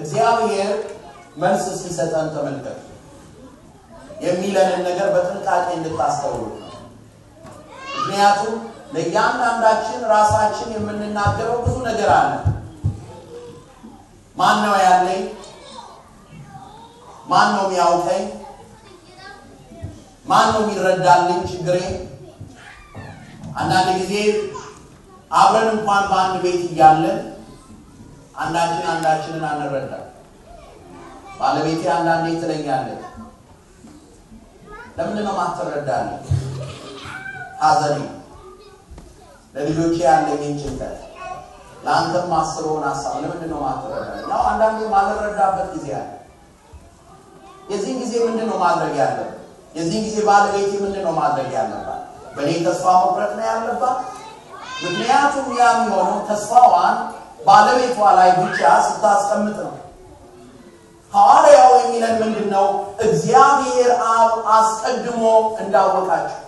እግዚአብሔር መልስ ሲሰጠን ተመልከቱ የሚለንን ነገር በጥንቃቄ እንድታስተውሉ ምክንያቱም ለእያንዳንዳችን ራሳችን የምንናገረው ብዙ ነገር አለ ማን ነው ያለኝ ማን ነው የሚያውቀኝ ማን ነው የሚረዳልኝ ችግሬ አንዳንድ ጊዜ አብረን እንኳን በአንድ ቤት እያለን አንዳችን አንዳችንን አንረዳ? ባለቤቴ አንዳንዴ ትለኛለች፣ ለምንድነው ማትረዳለ ሐዘኔ ለልጆቼ ያለኝን ጭንቀት ለአንተም ማስበውን ሀሳብ ለምንድነው ማትረዳ? ያው አንዳንዴ ማልረዳበት ጊዜ አለ። የዚህን ጊዜ ምንድን ነው ማድረግ ያለብን? የዚህን ጊዜ ባለቤቴ ምንድን ነው ማድረግ ያለባት? በእኔ ተስፋ መቁረጥ ነው ያለባት። ምክንያቱም ያ የሚሆነው ተስፋዋን ባለቤቷ ላይ ብቻ ስታስቀምጥ ነው። ሐዋርያው የሚለን ምንድን ነው? እግዚአብሔር አብ አስቀድሞ እንዳወቃቸው!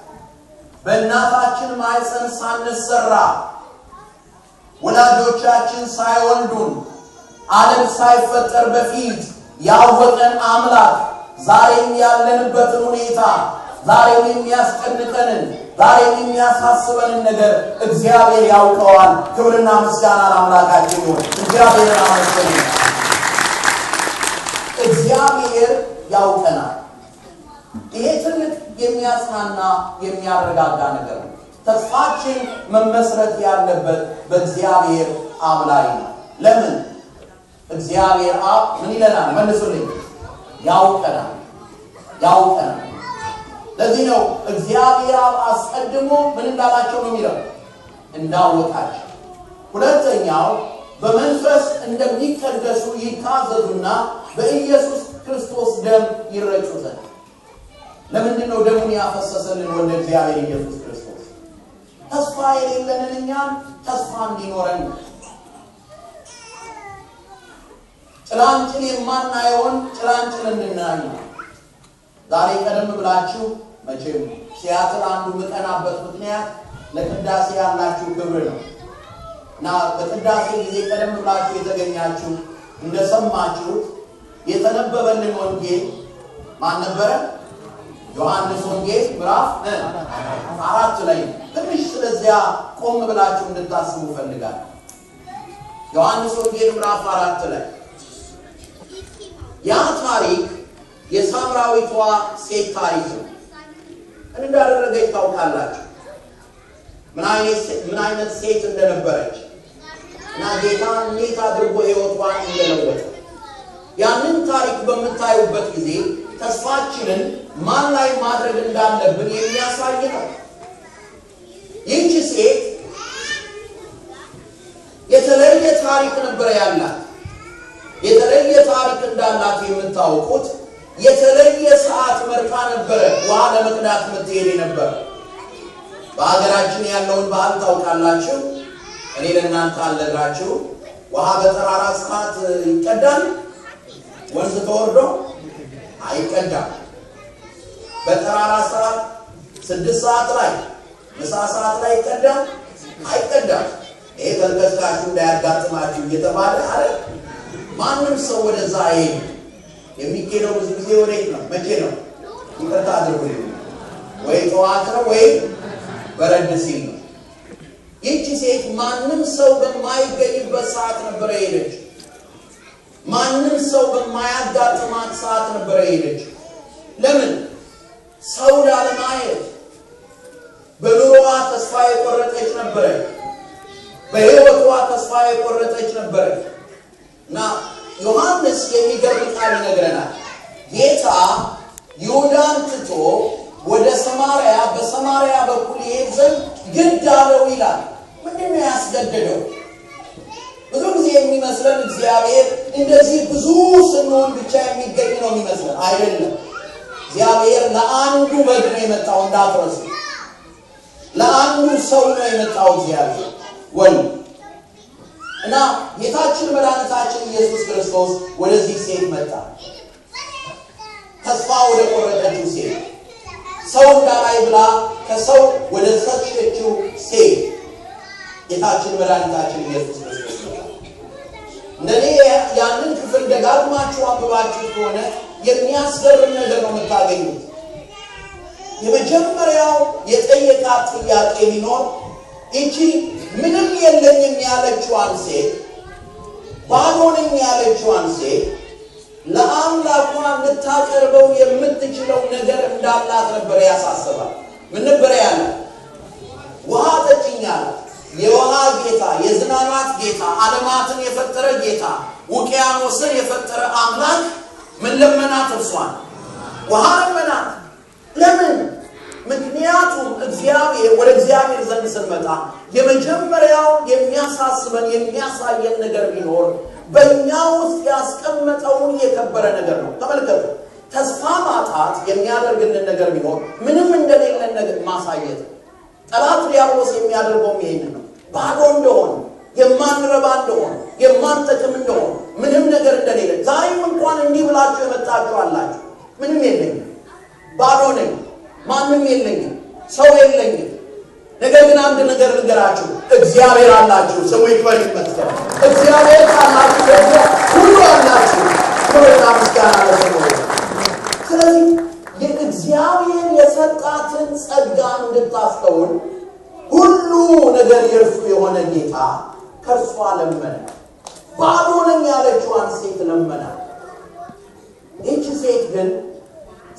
በእናታችን ማይፀን ሳንሰራ ወላጆቻችን ሳይወልዱን አለም ሳይፈጠር በፊት ያወቀን አምላክ ዛሬም ያለንበትን ሁኔታ ዛሬም የሚያስጨንቀንን ዛሬ የሚያሳስበንን ነገር እግዚአብሔር ያውቀዋል። ክብርና ምስጋና ለአምላካችን ይሁን። እግዚአብሔር አመስገን። እግዚአብሔር ያውቀናል። ይሄ ትልቅ የሚያጽናና የሚያረጋጋ ነገር ነው። ተስፋችን መመስረት ያለበት በእግዚአብሔር አብ ላይ ነው። ለምን? እግዚአብሔር አብ ምን ይለናል? መልሱልኝ። ያውቀናል፣ ያውቀናል ለዚህ ነው እግዚአብሔር አስቀድሞ ምን እንዳላቸው ነው የሚለው እንዳወቃቸው። ሁለተኛው በመንፈስ እንደሚቀደሱ ይታዘዙና በኢየሱስ ክርስቶስ ደም ይረጩ ዘንድ። ለምንድን ነው ደሙን ያፈሰሰልን ወደ እግዚአብሔር ኢየሱስ ክርስቶስ? ተስፋ የሌለንን እኛም ተስፋ እንዲኖረን ጭላንጭል የማናየውን ጭላንጭል እንድናይ ዛሬ ቀደም ብላችሁ መቼም ሲያትር አንዱ የምጠናበት ምክንያት ለቅዳሴ ያላችሁ ክብር ነው እና በቅዳሴ ጊዜ ቀደም ብላችሁ የተገኛችሁ እንደሰማችሁት የተነበበልን ወንጌል ማን ነበረ? ዮሐንስ ወንጌል ምዕራፍ አራት ላይ ትንሽ ስለዚያ ቆም ብላችሁ እንድታስቡ እፈልጋለሁ። ዮሐንስ ወንጌል ምዕራፍ አራት ላይ ያ ታሪክ የሳምራዊቷ ሴት ታሪክ ነው። እንዳደረገች ታውቃላችሁ። ምን አይነት ሴት እንደነበረች እና ጌታ እንዴት አድርጎ ሕይወቷን እንደለወጠ ያንን ታሪክ በምታዩበት ጊዜ ተስፋችንን ማን ላይ ማድረግ እንዳለብን የሚያሳይ ነው። ይህቺ ሴት የተለየ ታሪክ ነበር ያላት። የተለየ ታሪክ እንዳላት የምታውቁት የተለየ ሰዓት መርታ ነበረ ውሃ ለመቅዳት የምትሄድ ነበር በሀገራችን ያለውን ባህል ታውቃላችሁ። እኔ ለእናንተ አልነግራችሁ። ውሃ በጠራራ ሰዓት ይቀዳል። ወንዝ ተወርዶ አይቀዳም። በጠራራ ሰዓት ስድስት ሰዓት ላይ ምሳ ሰዓት ላይ ይቀዳል አይቀዳም። ይሄ ተንቀሳቃሹ እንዳያጋጥማችሁ እየተባለ አለ። ማንም ሰው ወደዛ አይሄድም። የሚኬደው ብዙ ጊዜ ወዴት ነው? መቼ ነው? ይቅርታ አድርጉ ወይ ጠዋት ነው ወይም በረድ ሲል ነው። ይህቺ ሴት ማንም ሰው በማይገኝበት ሰዓት ነበረ ሄደች። ማንም ሰው በማያጋጥማት ሰዓት ነበረ ሄደች። ለምን? ሰው ላለማየት በኑሮዋ ተስፋ የቆረጠች ነበረ። በህይወቷ ተስፋ የቆረጠች ነበረ እና ዮሐንስ የሚገርም ቃል ይነግረናል። ጌታ ይሁዳን ትቶ ወደ ሰማርያ በሰማርያ በኩል ይሄድ ዘንድ ግድ አለው ይላል። ምንድን ነው ያስገደደው? ብዙ ጊዜ የሚመስለን እግዚአብሔር እንደዚህ ብዙ ስንሆን ብቻ የሚገኝ ነው የሚመስለን። አይደለም። እግዚአብሔር ለአንዱ በግ ነው የመጣው፣ እንዳትረሱ። ለአንዱ ሰው ነው የመጣው እግዚአብሔር ወንድ እና ጌታችን መድኃኒታችን ኢየሱስ ክርስቶስ ወደዚህ ሴት መጣ። ተስፋ ወደ ቆረጠችው ሴት ሰው እንዳላይ ብላ ከሰው ወደ ሰችችው ሴት ጌታችን መድኃኒታችን ኢየሱስ ክርስቶስ መጣ። ያንን ክፍል ደጋግማችሁ አንብባችሁ ከሆነ የሚያስገርም ነገር ነው የምታገኙት። የመጀመሪያው የጠየቃት ጥያቄ ቢኖር ይቺ ምንም የለኝም ያለችዋን ሴት ባዶንም ያለችዋን ሴት ለአምላኳ ልታቀርበው የምትችለው ነገር እንዳላት ነበር ያሳስባል። ምን ነበር ያለ ውሃ ጠጭኛል። የውሃ ጌታ፣ የዝናናት ጌታ፣ አለማትን የፈጠረ ጌታ፣ ውቅያኖስን የፈጠረ አምላክ ምን ለመናት? እርሷን ውሃ ለመናት። ለምን ምክንያቱም እግዚአብሔር ወደ እግዚአብሔር ዘንድ ስንመጣ የመጀመሪያው የሚያሳስበን የሚያሳየን ነገር ቢኖር በእኛ ውስጥ ያስቀመጠውን የከበረ ነገር ነው። ተመልከቱ፣ ተስፋ ማጣት የሚያደርግልን ነገር ቢኖር ምንም እንደሌለን ነገር ማሳየት። ጠላት ዲያብሎስ የሚያደርገውም ይሄንን ነው። ባዶ እንደሆነ የማንረባ እንደሆነ የማንጠቅም እንደሆነ ምንም ነገር እንደሌለ ዛሬም እንኳን እንዲህ ብላችሁ የመጣችሁ አላችሁ። ምንም የለኝ ባዶ ነኝ ማንም የለኝም፣ ሰው የለኝም። ነገር ግን አንድ ነገር ልንገራችሁ፣ እግዚአብሔር አላችሁ። ሰው ይክበር ይመስገን። እግዚአብሔር ካላችሁ ደግሞ ሁሉ አላችሁ። ክብርና ምስጋና ለስሙ። ስለዚህ የእግዚአብሔር የሰጣትን ጸጋ እንድታስተውል ሁሉ ነገር የእርሱ የሆነ ጌታ ከእርሷ ለመነ። ባዶ ነኝ ያለችዋን ሴት ለመና። ይቺ ሴት ግን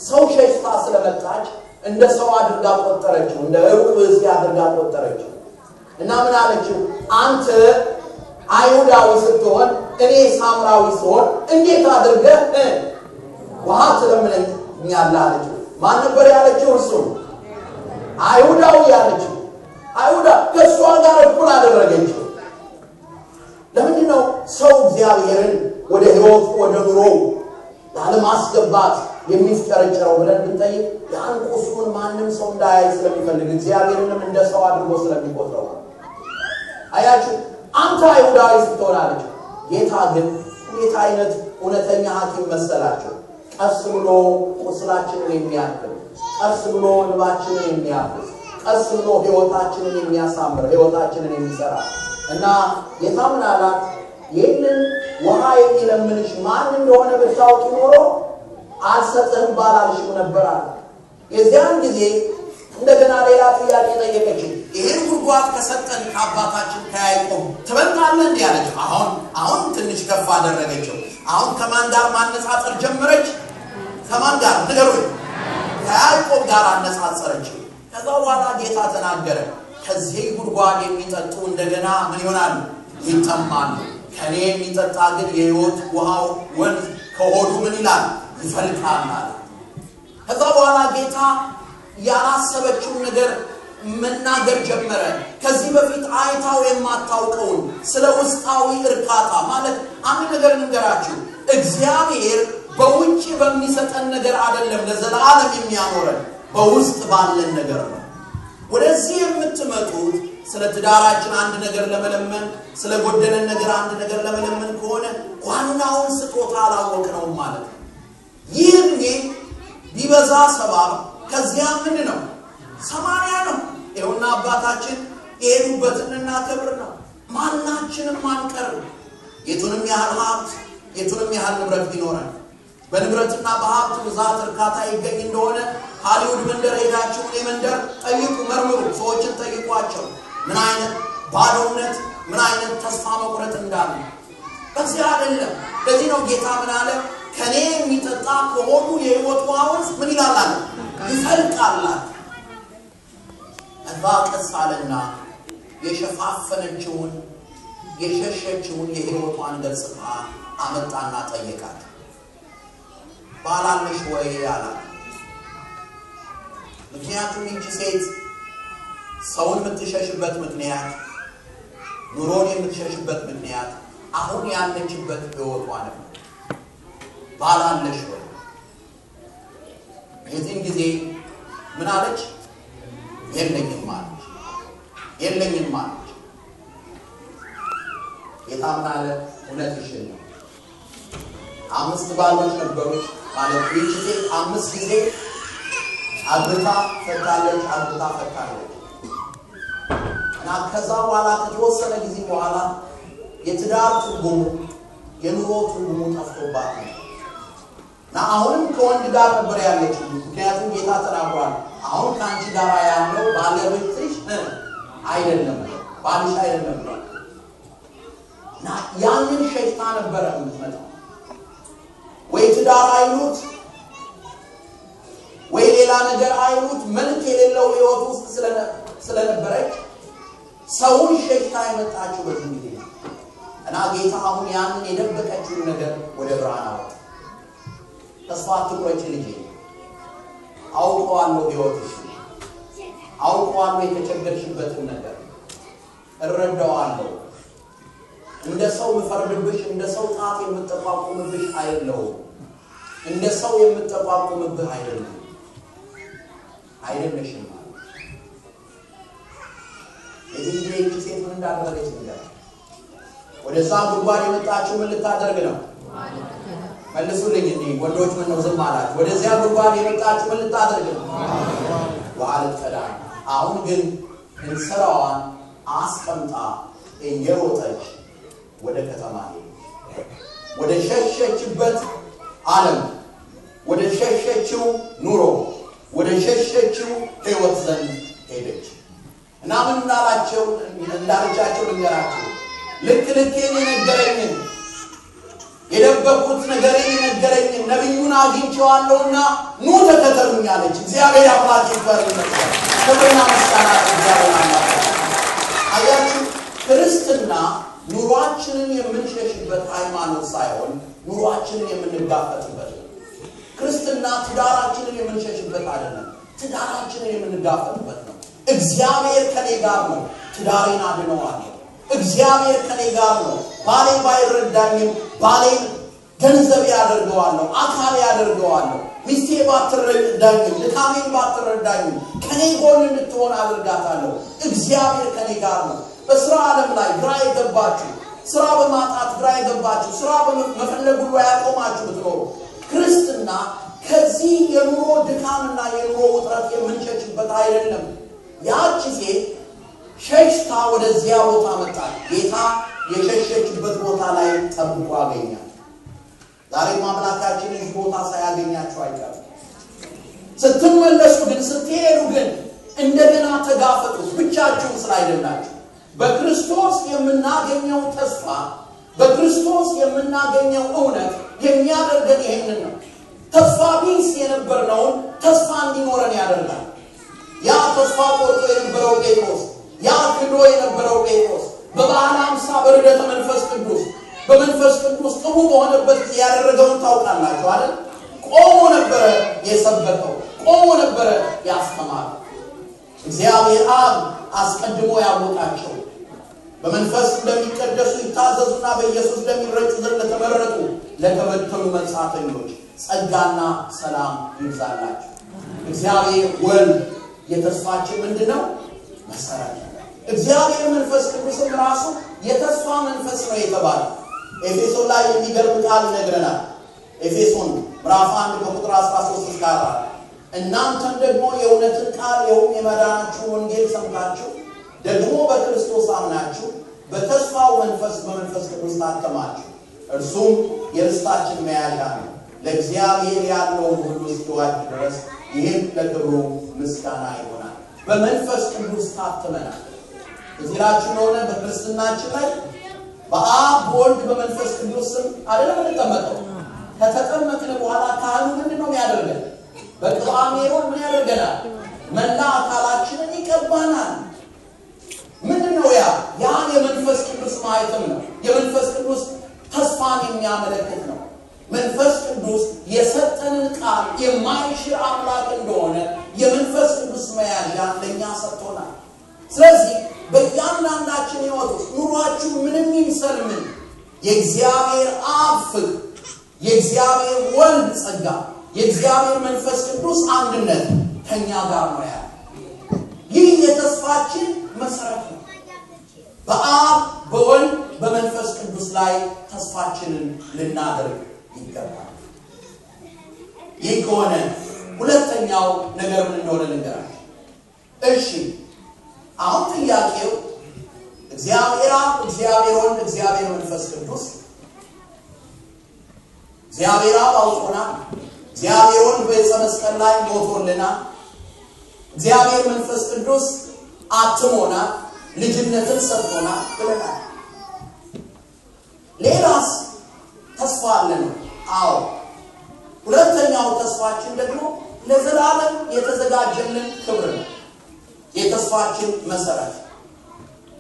ሰው ሸሽታ ስለመጣች እንደ ሰው አድርጋ ቆጠረችው፣ እንደ ዕውቅ ሕዝብ አድርጋ ቆጠረችው እና ምን አለችው? አንተ አይሁዳዊ ስትሆን እኔ ሳምራዊ ስሆን እንዴት አድርገህ ውሃ ትለምነኛለህ አለችው። ማን ነበር ያለችው? እርሱ አይሁዳዊ ያለችው። አይሁዳ ከእሷ ጋር እኩል አደረገችው። ለምንድን ነው ሰው እግዚአብሔርን ወደ ሕይወቱ ወደ ኑሮ ላለማስገባት የሚፍጨረጨረው ብለን ብንጠይቅ ያን ቁስሉን ማንም ሰው እንዳያይ ስለሚፈልግ እግዚአብሔርንም እንደ ሰው አድርጎ ስለሚቆጥረው አያችሁ አንተ አይሁዳዊ ስትሆናለች ጌታ ግን ሁኔታ አይነት እውነተኛ ሀኪም መሰላቸው ቀስ ብሎ ቁስላችንን የሚያክል ቀስ ብሎ ልባችንን የሚያፍስ ቀስ ብሎ ህይወታችንን የሚያሳምር ህይወታችንን የሚሰራ እና ጌታ ምናላት ይህንን ውሃ የሚለምንሽ ማን እንደሆነ ብታውቂ ኖሮ አልሰጥህም ባላልሽው ነበር አለ። የዚያን ጊዜ እንደገና ሌላ ጥያቄ ጠየቀችው። ይህን ጉድጓድ ከሰጠን ከአባታችን ከያይቆም ትበልጣለህ? እንዲህ አለችው። አሁን አሁን ትንሽ ከፍ አደረገችው። አሁን ከማን ጋር ማነጻጸር ጀመረች? ከማን ጋር ንገሩኝ። ከያዕቆብ ጋር አነጻጸረችው። ከዛ በኋላ ጌታ ተናገረ። ከዚህ ጉድጓድ የሚጠጡ እንደገና ምን ይሆናሉ? ይጠማሉ። ከእኔ የሚጠጣ ግን የሕይወት ውሃው ወንዝ ከሆዱ ምን ይላል ይፈልቃል አለ። ከዛ በኋላ ጌታ ያላሰበችውን ነገር መናገር ጀመረ። ከዚህ በፊት አይታው የማታውቀውን ስለ ውስጣዊ እርካታ ማለት አንድ ነገር ንገራችሁ፣ እግዚአብሔር በውጭ በሚሰጠን ነገር አይደለም ለዘላለም የሚያኖረን በውስጥ ባለን ነገር ነው። ወደዚህ የምትመጡት ስለ ትዳራችን አንድ ነገር ለመለመን፣ ስለ ጎደለን ነገር አንድ ነገር ለመለመን ከሆነ ዋናውን ስጦታ አላወቅነውም ማለት ነው። ይህ ጊዜ ቢበዛ ሰባ ነው። ከዚያ ምን ነው ሰማንያ ነው። ይኸውና አባታችን የሄዱበትንና ክብር ነው። ማናችንም አንቀርም። የቱንም ያህል ሀብት የቱንም ያህል ንብረት ቢኖረን በንብረትና በሀብት ብዛት እርካታ ይገኝ እንደሆነ ሀሊውድ መንደር ሄዳችሁ እኔ ጠይቁ፣ መርምሩ፣ ሰዎችን ጠይቋቸው ምን አይነት ባዶነት፣ ምን አይነት ተስፋ መቁረጥ እንዳለ። በዚህ አይደለም። ለዚህ ነው ጌታ ምን አለ? ከኔ የሚጠጣ ከሆኑ የህይወት ውሃዎች ምን ይላላል? ይፈልቃላት። የሸፋፈነችውን የሸሸችውን የህይወቷን ገጽታ አመጣና ጠየቃት። ባላለሽ ወይ አላት። ምክንያቱም ይቺ ሴት ሰውን የምትሸሽበት ምክንያት፣ ኑሮን የምትሸሽበት ምክንያት አሁን ያለችበት ህይወቷ ነበር። ባላለሽ ወይ የዚህን ጊዜ ምን አለች? የለኝም አለች። የለኝም አለች። ጌታ ምን አለ? እውነትሽን ነው። አምስት ባሎች ነበሩች ማለት ይህ ጊዜ አምስት ጊዜ አብታ ፈታለች፣ አብታ ፈታለች። እና ከዛ በኋላ ከተወሰነ ጊዜ በኋላ የትዳር ትርጉሙ የኑሮ ትርጉሙ ጠፍቶባት ነው። እና አሁንም ከወንድ ጋር ነበር ያለችው። ምክንያቱም ጌታ ተናግሯል። አሁን ከአንቺ ጋር ያለው ባለቤትሽ አይደለም ባልሽ አይደለም ብሏል። እና ያንን ሸሽታ ነበረ የምትመጣው። ወይ ትዳር አይሉት ወይ ሌላ ነገር አይሉት መልክ የሌለው ህይወት ውስጥ ስለነበረች ሰውን ሸሽታ የመጣችው በዚህ ጊዜ እና ጌታ አሁን ያንን የደበቀችውን ነገር ወደ ብርሃን አወጣ። ተስፋ አትቁረጭ ልጄ። አውቀዋለሁ ሕይወትሽ፣ አውቀዋለሁ የተቸገርሽበትን ነገር እረዳዋለሁ። እንደ ሰው ምፈርድብሽ እንደ ሰው ጣት የምጠቋቁምብሽ አይደለሁም። እንደ ሰው የምጠቋቁምብህ አይደለም አይደለሽም ማለት የዚህ ጊዜ ሴት ምን እንዳደረገች ወደዛ ጉድጓድ የመጣችሁ ምን ልታደርግ ነው? መልሱልኝ እንዲህ ወንዶች ምን ነው ዝም አላችሁ? ወደዚያ ጉድጓድ የመጣችሁ ምን ልታደርግ ነው? ዋልት ቀዳ አሁን ግን እንስራዋን አስቀምጣ እየሮጠች ወደ ከተማ ወደ ሸሸችበት አለም ወደ ሸሸችው ኑሮ ወደ ሸሸችው ህይወት ዘንድ ሄደች እና ምን እንዳላቸው እንዳለቻቸው ልንገራቸው ልክ ልኬን የነገረኝን የደበቁት ነገር የነገረኝ ነቢዩን አግኝቼዋለሁና ኑ ተከተሉኛለች። እግዚአብሔር አምላክ ይበር ክብርና ምስጋና እግዚአብሔር አያችሁ ክርስትና ኑሯችንን የምንሸሽበት ሃይማኖት ሳይሆን ኑሯችንን የምንጋፈጥበት ክርስትና ትዳራችንን የምንሸሽበት አይደለም፣ ትዳራችንን የምንጋፈጥበት ነው። እግዚአብሔር ከኔ ጋር ነው፣ ትዳሬን አድነዋል እግዚአብሔር ከኔ ጋር ነው። ባሌን ባይረዳኝም ባሌን ገንዘብ ያደርገዋለሁ፣ አካል ያደርገዋለሁ። ሚስቴ ባትረዳኝም፣ ድካሜን ባትረዳኝም ከኔ ጎን እንድትሆን አድርጋታለሁ። እግዚአብሔር ከኔ ጋር ነው። በስራ ዓለም ላይ ግራ የገባችሁ ስራ በማጣት ግራ የገባችሁ ስራ በመፈለግ ሁሉ ያቆማችሁ ብትኖሩ ክርስትና ከዚህ የኑሮ ድካምና የኑሮ ውጥረት የምንሸችበት አይደለም። ያ ጊዜ ሸሽታ ወደዚያ ቦታ መጣች። ጌታ የሸሸችበት ቦታ ላይ ጠብቆ አገኛት። ዛሬም አምላካችን ይህ ቦታ ሳያገኛቸው አይቀርም። ስትመለሱ ግን፣ ስትሄዱ ግን እንደገና ተጋፈጡት። ብቻችሁን አይደላችሁ። በክርስቶስ የምናገኘው ተስፋ፣ በክርስቶስ የምናገኘው እውነት የሚያደርገን ይህንን ነው። ተስፋ ቢስ የነበርነውን ተስፋ እንዲኖረን ያደርጋል። ያ ተስፋ ቆርጦ የነበረው ጴጥሮስ ያ ክዶ የነበረው ጴጥሮስ በበዓለ ሃምሳ በርደተ መንፈስ ቅዱስ በመንፈስ ቅዱስ ጥሩ በሆነበት ያደረገውን ታውቃላችሁ አይደል? ቆሞ ነበረ የሰበከው፣ ቆሞ ነበረ ያስተማረው። እግዚአብሔር አብ አስቀድሞ ያወቃቸው በመንፈስ እንደሚቀደሱ ይታዘዙና በኢየሱስ እንደሚረጩ ዘንድ ለተመረጡ ለተበተኑ መጻተኞች ጸጋና ሰላም ይብዛላችሁ። እግዚአብሔር ወልድ የተስፋችን ምንድን ነው? መሰረት እግዚአብሔር መንፈስ ቅዱስም ራሱ የተስፋ መንፈስ ነው የተባለ ኤፌሶን ላይ የሚገርም ቃል ይነግረናል። ኤፌሶን ምራፍ 1 በቁጥር 13 እስከ እናንተም ደግሞ የእውነትን ቃል የውም የመዳናችሁ ወንጌል ሰምታችሁ ደግሞ በክርስቶስ አምናችሁ በተስፋው መንፈስ በመንፈስ ቅዱስ ታተማችሁ እርሱም የርስታችን መያዣ ነው ለእግዚአብሔር ያለውን ሁሉ እስኪዋጅ ድረስ ይህም ለክብሩ ምስጋና ይሆን በመንፈስ ቅዱስ ታትመናል። እዚላችሁ የሆነ በክርስትናችን ላይ በአብ በወልድ በመንፈስ ቅዱስ ስም አይደለም እንጠመቀው። ከተጠመቅን በኋላ ካህኑ ምንድን ነው የሚያደርገን? በቅባ ምን ያደርገናል? መላ አካላችንን ይቀባናል። ምንድን ነው ያ? ያ የመንፈስ ቅዱስ ማየትም ነው። የመንፈስ ቅዱስ ተስፋን የሚያመለክት ነው። መንፈስ ቅዱስ የሰጠንን ቃል የማይሽር አምላክ እንደሆነ መያዝ ያለኛ ሰጥቶናል። ስለዚህ በእያንዳንዳችን ህይወት ውስጥ ኑሯችሁ ምንም ይምሰል ምን የእግዚአብሔር አብ የእግዚአብሔር ወልድ ጸጋ፣ የእግዚአብሔር መንፈስ ቅዱስ አንድነት ከኛ ጋር ነው ያለ። ይህ የተስፋችን መሰረት ነው። በአብ በወልድ በመንፈስ ቅዱስ ላይ ተስፋችንን ልናደርግ ይገባል። ይህ ከሆነ ሁለተኛው ነገር ምን እንደሆነ ልንገራል እሺ አሁን ጥያቄው እግዚአብሔር አብ፣ እግዚአብሔር ወልድ፣ እግዚአብሔር መንፈስ ቅዱስ እግዚአብሔር አብ አውቆናል። እግዚአብሔር ወልድ በዕፀ መስቀል ላይ ሞቶልናል። እግዚአብሔር መንፈስ ቅዱስ አትሞናል፣ ልጅነትን ሰጥቶናል ብለናል። ሌላስ ተስፋ አለ ነው አዎ። ሁለተኛው ተስፋችን ደግሞ ለዘላለም የተዘጋጀልን ክብር ነው። የተስፋችን መሰረት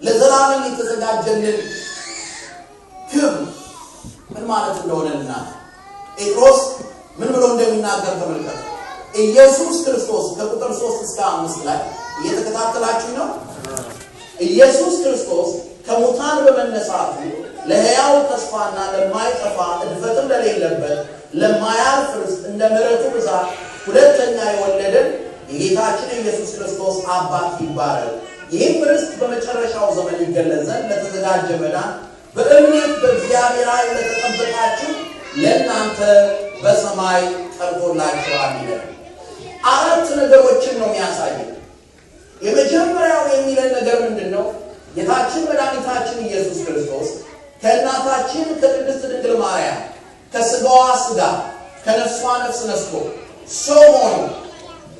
ለዘላለም የተዘጋጀልን ክብ ምን ማለት እንደሆነ ና ጴጥሮስ ምን ብሎ እንደሚናገር ተመልከቱ። ኢየሱስ ክርስቶስ ከቁጥር ሶስት እስከ አምስት ላይ እየተከታተላችሁ ነው። ኢየሱስ ክርስቶስ ከሙታን በመነሳቱ ለሕያው ተስፋና ለማይጠፋ እድፈትም ለሌለበት ለማያልፍ ርስት እንደ ምረቱ ብዛት ሁለተኛ የወለደን የጌታችን ኢየሱስ ክርስቶስ አባት ይባላል። ይህም ርስት በመጨረሻው ዘመን ይገለጽ ዘንድ ለተዘጋጀ መዳን በእምነት በእግዚአብሔር ኃይል ለተጠበቃችሁ ለእናንተ በሰማይ ቀርቦላችኋል ይላል። አራት ነገሮችን ነው የሚያሳየው። የመጀመሪያው የሚለን ነገር ምንድን ነው? ጌታችን መድኃኒታችን ኢየሱስ ክርስቶስ ከእናታችን ከቅድስት ድንግል ማርያም ከስጋዋ ስጋ ከነፍሷ ነፍስ ነስቶ ሰው ሆኖ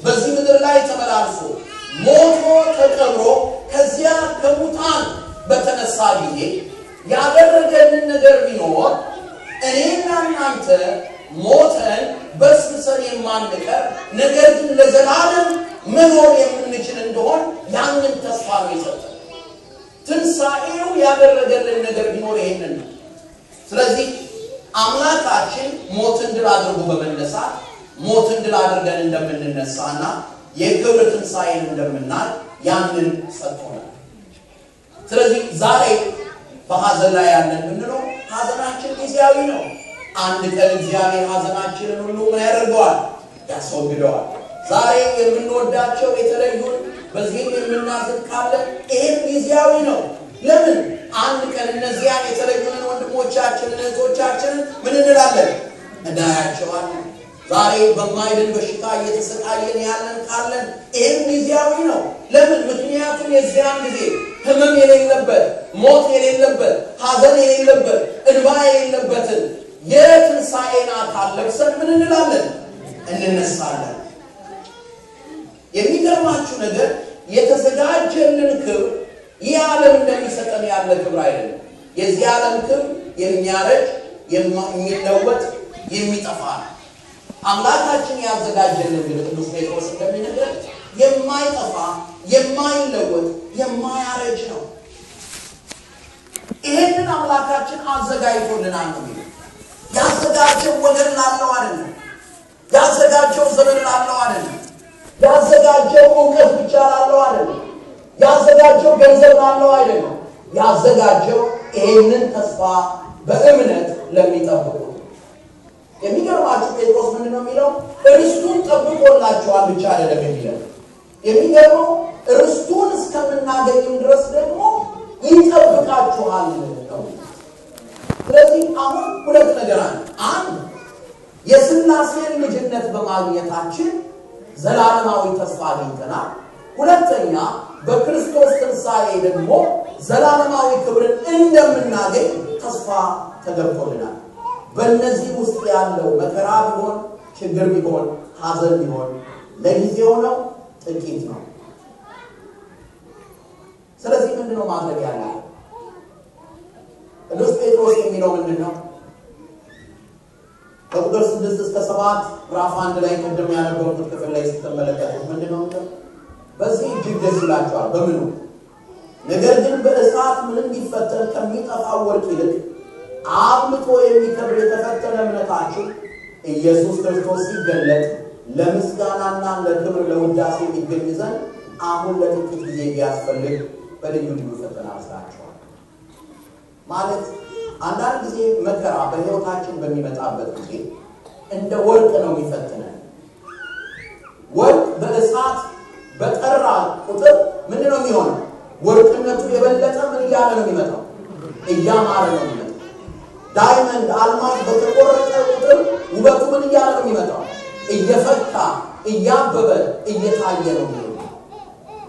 በዚህ ምድር ላይ ተመላልሶ ሞቶ ተቀብሮ ከዚያ ከሙታን በተነሳ ጊዜ ያደረገልን ነገር ቢኖር እኔና እናንተ ሞተን በስብሰን የማንቀር ነገር ግን ለዘላለም መኖር የምንችል እንደሆን ያንን ተስፋ ነው የሰጠ ትንሣኤው ያደረገልን ነገር ቢኖር ይሄንን ነው። ስለዚህ አምላካችን ሞትን ድል አድርጎ በመነሳት ሞትን ድል አድርገን እንደምንነሳና የክብር ትንሣኤን እንደምናል ያንን ሰጥቶናል። ስለዚህ ዛሬ በሀዘን ላይ ያለን የምንለው ሀዘናችን ጊዜያዊ ነው። አንድ ቀን እግዚአብሔር ሀዘናችንን ሁሉ ምን ያደርገዋል? ያስወግደዋል። ዛሬ የምንወዳቸው የተለዩን፣ በዚህም የምናዝን ካለን ይህም ጊዜያዊ ነው። ለምን አንድ ቀን እነዚያን የተለዩንን ወንድሞቻችንን እህቶቻችንን ምን እንላለን? እናያቸዋለን ዛሬ በማይድን በሽታ እየተሰቃየን ያለን ካለን ይህም ጊዜያዊ ነው። ለምን? ምክንያቱም የዚያን ጊዜ ህመም የሌለበት ሞት የሌለበት ሐዘን የሌለበት እንባ የሌለበትን የትንሣኤን አካል ለብሰን ምን እንላለን? እንነሳለን። የሚገርማችሁ ነገር የተዘጋጀልን ክብር ይህ ዓለም እንደሚሰጠን ያለ ክብር አይደለም። የዚህ ዓለም ክብር የሚያረጅ የሚለወጥ የሚጠፋ ነው። አምላካችን ያዘጋጀልን ግን ቅዱስ ጴጥሮስ እንደሚነግረን የማይጠፋ የማይለወጥ የማያረጅ ነው። ይሄንን አምላካችን አዘጋጅቶልናል ነው የሚለው። ያዘጋጀው ወገን ላለው አይደለም። ያዘጋጀው ዘመን ላለው አይደለም። ያዘጋጀው እውቀት ብቻ ላለው አይደለም። ያዘጋጀው ገንዘብ ላለው አይደለም። ያዘጋጀው ይሄንን ተስፋ በእምነት ለሚጠብቁ የሚገርማችሁ ጴጥሮስ ምንድን ነው የሚለው? እርስቱን ጠብቆላችኋል ብቻ አይደለም የሚለው። የሚገርመው እርስቱን እስከምናገኝም ድረስ ደግሞ ይጠብቃችኋል ነው። ስለዚህ አሁን ሁለት ነገር አለ። አንድ የስላሴን ልጅነት በማግኘታችን ዘላለማዊ ተስፋ አግኝተናል። ሁለተኛ በክርስቶስ ትንሣኤ ደግሞ ዘላለማዊ ክብርን እንደምናገኝ ተስፋ ተደርጎልናል። በእነዚህ ውስጥ ያለው መከራ ቢሆን ችግር ቢሆን ሀዘን ቢሆን ለጊዜው ነው፣ ጥቂት ነው። ስለዚህ ምንድን ነው ማድረግ ያለ ቅዱስ ጴጥሮስ የሚለው ምንድን ነው? በቁጥር ስድስት እስከ ሰባት ራፍ አንድ ላይ ቅድም ያነበሩት ክፍል ላይ ስትመለከቱት ምንድን ነው በዚህ እጅግ ደስ ይላቸዋል። በምኑ ነገር ግን በእሳት ምንም ቢፈጠር ከሚጠፋ ወርቅ ይልቅ አምልኮ የሚከብር የተፈተነ እምነታችሁ ኢየሱስ ክርስቶስ ሲገለጥ ለምስጋናና ለክብር ለውዳሴ የሚገኝ ዘንድ አሁን ለጥቂት ጊዜ ቢያስፈልግ በልዩ ልዩ ፈተና ስራቸዋል። ማለት አንዳንድ ጊዜ መከራ በሕይወታችን በሚመጣበት ጊዜ እንደ ወርቅ ነው የሚፈትነን። ወርቅ በእሳት በጠራ ቁጥር ምንድን ነው የሚሆነው? ወርቅነቱ የበለጠ ምን እያለ ነው የሚመጣው? እያማረ ነው የሚመጣው። ዳይመንድ አልማዝ በተቆረጠ ቁጥር ውበቱ ምን እያለ ነው የሚመጣው? እየፈካ እያበበ እየታየ ነው ሚሆ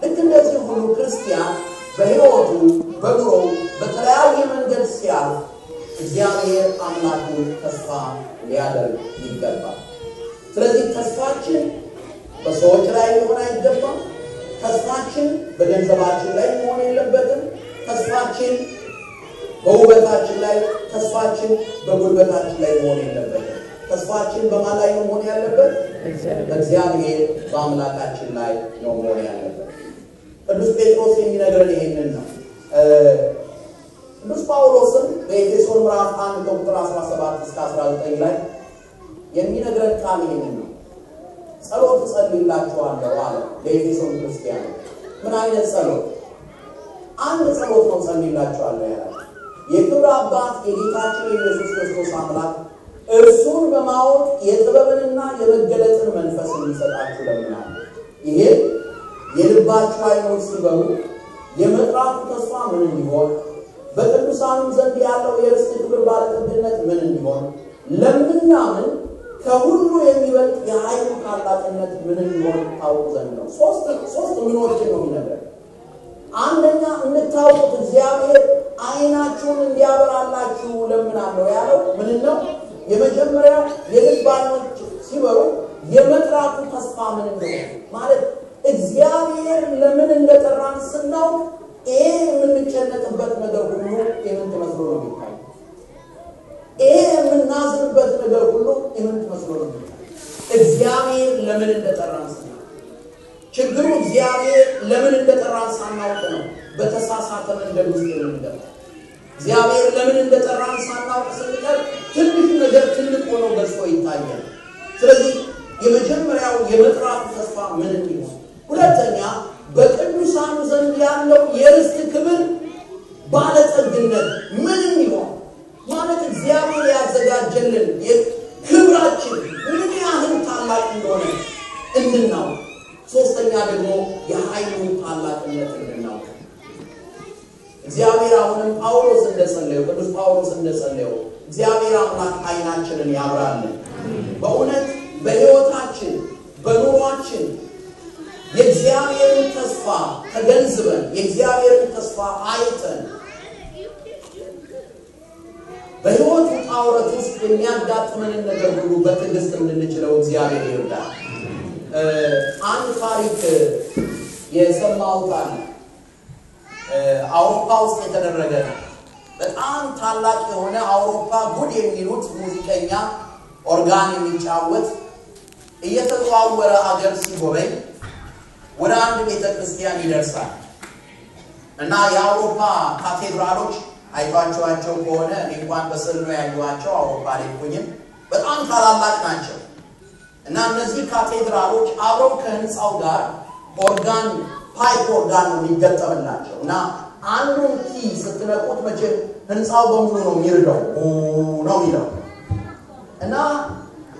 ልክ እንደዚህ ሁሉ ክርስቲያን በሕይወቱ በኑሮው በተለያየ መንገድ ሲያል እግዚአብሔር አምላኩን ተስፋ ሊያደርግ ይገባል። ስለዚህ ተስፋችን በሰዎች ላይ ሊሆን አይገባም። ተስፋችን በገንዘባችን ላይ መሆን የለበትም። ተስፋችን በውበታችን ላይ ተስፋችን በጉልበታችን ላይ መሆን የለበትም። ተስፋችን በማን ላይ ነው መሆን ያለበት? በእግዚአብሔር በአምላካችን ላይ ነው መሆን ያለበት። ቅዱስ ጴጥሮስ የሚነግረን ይሄንን ነው። ቅዱስ ጳውሎስም በኤፌሶን ምዕራፍ ከቁጥር 17 እስከ 19 ላይ የሚነግረን ቃል ይሄንን ነው። ጸሎት አለ ለኤፌሶን ክርስቲያን። ምን አይነት ጸሎት? አንድ ጸሎት ነው ያለ የክብር አባት የጌታችን የኢየሱስ ክርስቶስ አምላክ እርሱን በማወቅ የጥበብንና የመገለጥን መንፈስ እንዲሰጣችሁ ለምናል። ይህም የልባችሁ ዓይኖች ሲበሩ የመጥራቱ ተስፋ ምን እንዲሆን፣ በቅዱሳንም ዘንድ ያለው የርስት ክብር ባለጠግነት ምን እንዲሆን፣ ለምናምን ከሁሉ የሚበልጥ የኃይሉ ታላቅነት ምን እንዲሆን ታውቁ ዘንድ ነው። ሶስት ምኖችን ነው የሚነግረን አንደኛ እንድታውቁት እግዚአብሔር አይናችሁን እንዲያበራላችሁ ለምናለሁ ያለው ምን ነው? የመጀመሪያ የልብ ዓይኖች ሲበሩ የመጥራቱ ተስፋ ምን ነው ማለት እግዚአብሔር ለምን እንደጠራን ስናው ይሄ የምንጨነቅበት ነገር ሁሉ የምን ትመስሎ ነው የሚታይ? ይሄ የምናዝንበት ነገር ሁሉ የምን ትመስሎ ነው የሚታይ? እግዚአብሔር ለምን እንደጠራን ስናውቅ ችግሩ እግዚአብሔር ለምን እንደጠራን ሳናውቅ ነው በተሳሳተ መንገድ ውስጥ የምንገባ። እግዚአብሔር ለምን እንደጠራን ሳናውቅ ስንቀር ትንሽ ነገር ትልቅ ሆኖ ገጽቶ ይታያል። ስለዚህ የመጀመሪያው የመጥራቱ ተስፋ ምን ይሆን ሁለተኛ በቅዱሳኑ ዘንድ ያለው የርስት ክብር ባለጠግነት ምን ይሆን ማለት እግዚአብሔር ያዘጋጀልን ክብራችን ምን ያህል ታላቅ እንደሆነ እንድናውቅ ሶስተኛ ደግሞ የኃይሉ ታላቅነት እንድናውቅ እግዚአብሔር አሁንም ጳውሎስ እንደጸለየው ቅዱስ ጳውሎስ እንደጸለየው እግዚአብሔር አምላክ አይናችንን ያብራልን። በእውነት በሕይወታችን በኑሯችን የእግዚአብሔርን ተስፋ ተገንዝበን የእግዚአብሔርን ተስፋ አይተን በሕይወት ውጣ ውስጥ የሚያጋጥመንን ነገር ሁሉ በትዕግስት እንድንችለው እግዚአብሔር ይርዳል። አንድ ታሪክ የሰማሁት አለ። አውሮፓ ውስጥ የተደረገ ነው። በጣም ታላቅ የሆነ አውሮፓ ጉድ የሚሉት ሙዚቀኛ ኦርጋን የሚጫወት እየተዘዋወረ አገር ሲጎበኝ ወደ አንድ ቤተ ክርስቲያን ይደርሳል እና የአውሮፓ ካቴድራሎች አይቷቸዋቸው ከሆነ እኔ እንኳን በስዕል ነው ያየኋቸው፣ አውሮፓ አልሄድኩኝም። በጣም ታላላቅ ናቸው። እና እነዚህ ካቴድራሎች አብረው ከህንፃው ጋር ኦርጋን ፓይፕ ኦርጋን ነው የሚገጠምላቸው እና አንዱን ኪ ስትነቁት መቼ ህንፃው በሙሉ ነው የሚርደው ነው የሚለው እና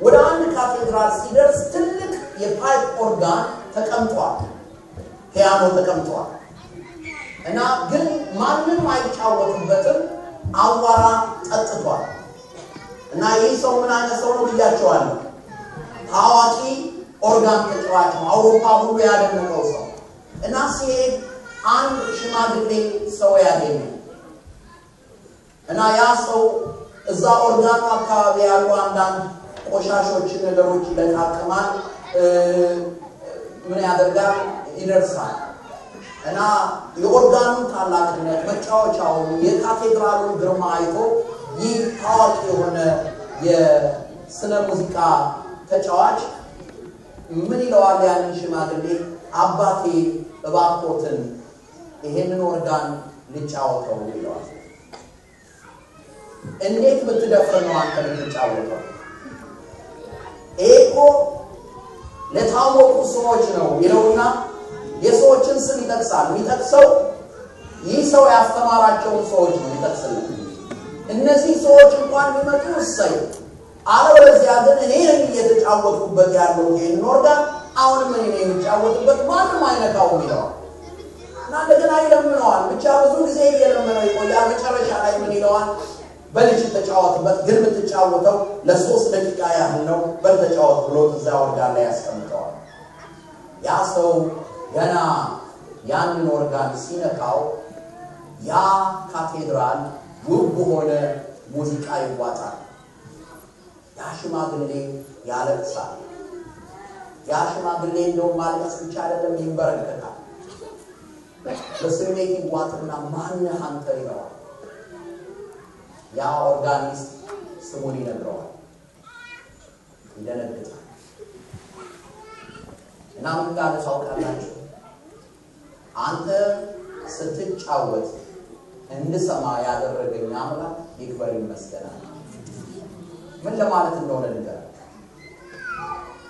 ወደ አንድ ካቴድራል ሲደርስ ትልቅ የፓይፕ ኦርጋን ተቀምጧል፣ ፒያኖ ተቀምጧል እና ግን ማንም አይጫወትበትም። አዋራ ጠጥቷል። እና ይህ ሰው ምን አይነት ሰው ነው ብያቸዋለሁ። ታዋቂ ኦርጋን ተጫዋች ነው። አውሮፓ ሁሉ ያደነቀው ሰው እና ሲሄድ አንድ ሽማግሌ ሰው ያገኘ እና ያ ሰው እዛ ኦርጋኑ አካባቢ ያሉ አንዳንድ ቆሻሾች ነገሮች ይለቃቅማል፣ ምን ያደርጋል ይደርሳል እና የኦርጋኑን ታላቅነት መጫወቻውን፣ የካቴድራሉን ግርማ አይቶ ይህ ታዋቂ የሆነ የስነ ሙዚቃ ተጫዋች ምን ይለዋል? ያንን ሽማግሌ አባቴ እባኮትን ይሄንን ወርዳን ልጫወተው ይለዋል። እንዴት ብትደፍር ነው አንተ ልትጫወተው? ኤኮ ለታወቁ ሰዎች ነው ይለውና የሰዎችን ስም ይጠቅሳል። የሚጠቅሰው ይህ ሰው ያስተማራቸውን ሰዎች ነው ይጠቅስልን። እነዚህ ሰዎች እንኳን ሊመጡ እሰይ አለበለዚያ ግን እኔ ነኝ እየተጫወትኩበት ያለው ይህንን ኦርጋን አሁንም እኔ ነኝ የሚጫወትበት ማንም አይነካውም ይለዋል እና እንደገና ይለምነዋል። ብቻ ብዙ ጊዜ እየለመነው ይቆያል። መጨረሻ ላይ ምን ይለዋል? በልጅ ተጫወትበት፣ ግን የምትጫወተው ለሶስት ደቂቃ ያህል ነው። በተጫወት ብሎ እዛ ኦርጋን ላይ ያስቀምጠዋል። ያ ሰው ገና ያንን ኦርጋን ሲነካው ያ ካቴድራል ውብ በሆነ ሙዚቃ ይዋጣል። ያ ሽማግሌ ያለቅሳል። ያ ሽማግሌ እንደውም ማልቀስ ብቻ አይደለም ይንበረከታል በስሜት ይዋጥና ማን አንተ ይለዋል። ያ ኦርጋኒስት ስሙን ይነግረዋል። ይደነግጣል። እና ምን እንዳለ አንተ ስትጫወት እንድሰማ ያደረገኝ አምላክ ይክበር ይመስገናል። ምን ለማለት እንደሆነ ንገራል።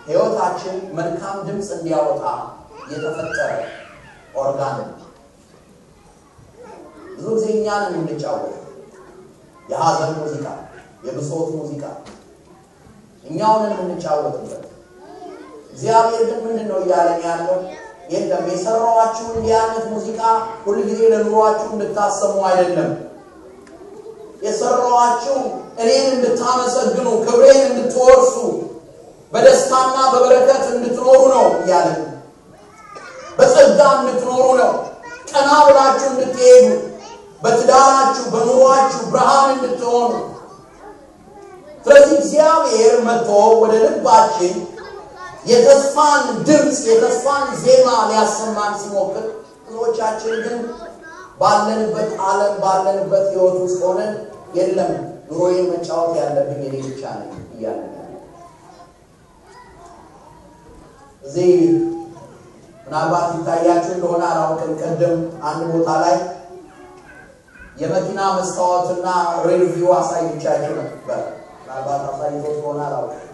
ህይወታችን መልካም ድምፅ እንዲያወጣ የተፈጠረ ኦርጋን ብዙ ጊዜ እኛን የምንጫወት የሀዘን ሙዚቃ፣ የብሶት ሙዚቃ እኛውን የምንጫወትበት። እግዚአብሔር ግን ምንድን ነው እያለን ያለው? የለም የሰራኋችሁ እንዲህ አይነት ሙዚቃ ሁልጊዜ ለኑሯችሁ እንድታሰሙ አይደለም የሰራኋችሁ እኔን እንድታመሰግኑ ክብሬን እንድትወርሱ በደስታና በበረከት እንድትኖሩ ነው እያለ በጸጋ እንድትኖሩ ነው። ቀና ብላችሁ እንድትሄዱ በትዳራችሁ በኑሯችሁ ብርሃን እንድትሆኑ። ስለዚህ እግዚአብሔር መጥቶ ወደ ልባችን የተስፋን ድምፅ የተስፋን ዜማ ሊያሰማን ሲሞክር ብዙዎቻችን ግን ባለንበት ዓለም ባለንበት ህይወት ውስጥ ሆነን የለም ኑሮዬ መጫወት ያለብኝ እኔ ብቻ ነኝ እያለ እዚህ ምናልባት ይታያችሁ እንደሆነ አላውቅም። ቅድም አንድ ቦታ ላይ የመኪና መስታወትና ሬቪው አሳይቻችሁ ነበር። ምናልባት አሳይቶት ከሆነ አላውቅም።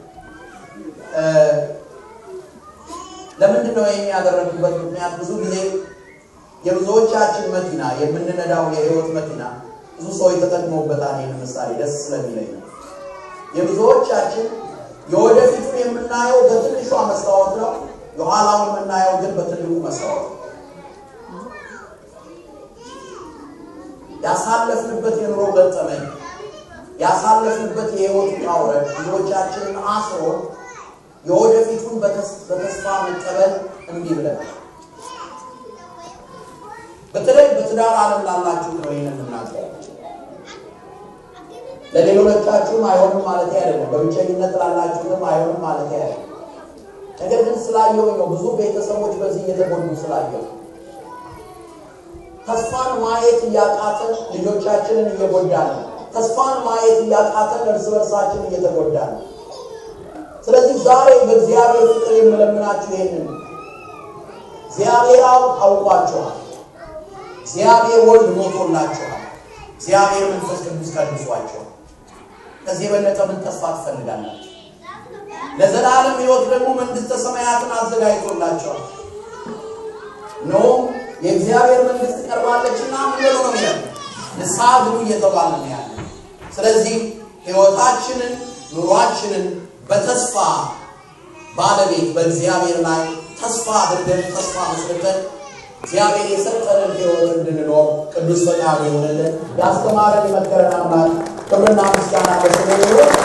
ለምንድነው ነው ምክንያት ብዙ ጊዜ የብዙዎቻችን መኪና የምንነዳው የህይወት መኪና ብዙ ሰዎች ተጠቅመውበታል። ይህን ምሳሌ ደስ ስለሚለኝ ነው። የብዙዎቻችን የወደፊቱን የምናየው በትንሿ መስታወት ነው። የኋላውን የምናየው ግን በትልቁ መስታወት ያሳለፍንበት የኑሮ ገጠመኝ፣ ያሳለፍንበት የህይወት ውጣ ብዙዎቻችንን አስሮ የወደፊቱን በተስፋ መቀበል እንዲህ ብለናል። በተለይ በትዳር ዓለም ላላችሁ ነው ይህንን የምናስተያቸው። ለሌሎቻችሁም አይሆንም ማለት አይደለም። በብቸኝነት ላላችሁንም አይሆንም ማለት አይደለም። ነገር ግን ስላየው ነው ብዙ ቤተሰቦች በዚህ እየተጎዱ ስላየው ተስፋን ማየት እያቃተን ልጆቻችንን እየጎዳ ነው። ተስፋን ማየት እያቃተን እርስ በርሳችን እየተጎዳ ነው። ስለዚህ ዛሬ በእግዚአብሔር ፍቅር የምለምናችሁ ይሄንን እግዚአብሔር አውቋችኋል። እግዚአብሔር ወልድ ሞቶላችኋል። እግዚአብሔር መንፈስ ቅዱስ ቀድሷቸዋል። ከዚህ የበለጠ ምን ተስፋ ትፈልጋላችሁ? ለዘላለም ህይወት ደግሞ መንግሥተ ሰማያትን አዘጋጅቶላቸዋል። ኖ የእግዚአብሔር መንግሥት ቀርባለችና ምንድን ነው የሚለው ንሳ ብሉ እየተባለ ነው ያለ። ስለዚህ ህይወታችንን ኑሯችንን በተስፋ ባለቤት በእግዚአብሔር ላይ ተስፋ አድርገን ተስፋ መስርተን እግዚአብሔር የሰጠንን ህይወት እንድንኖር ቅዱስ ፈቃድ ይሆንልን። ያስተማረን የመከረን አምላክ ክብርና ምስጋና በስሙ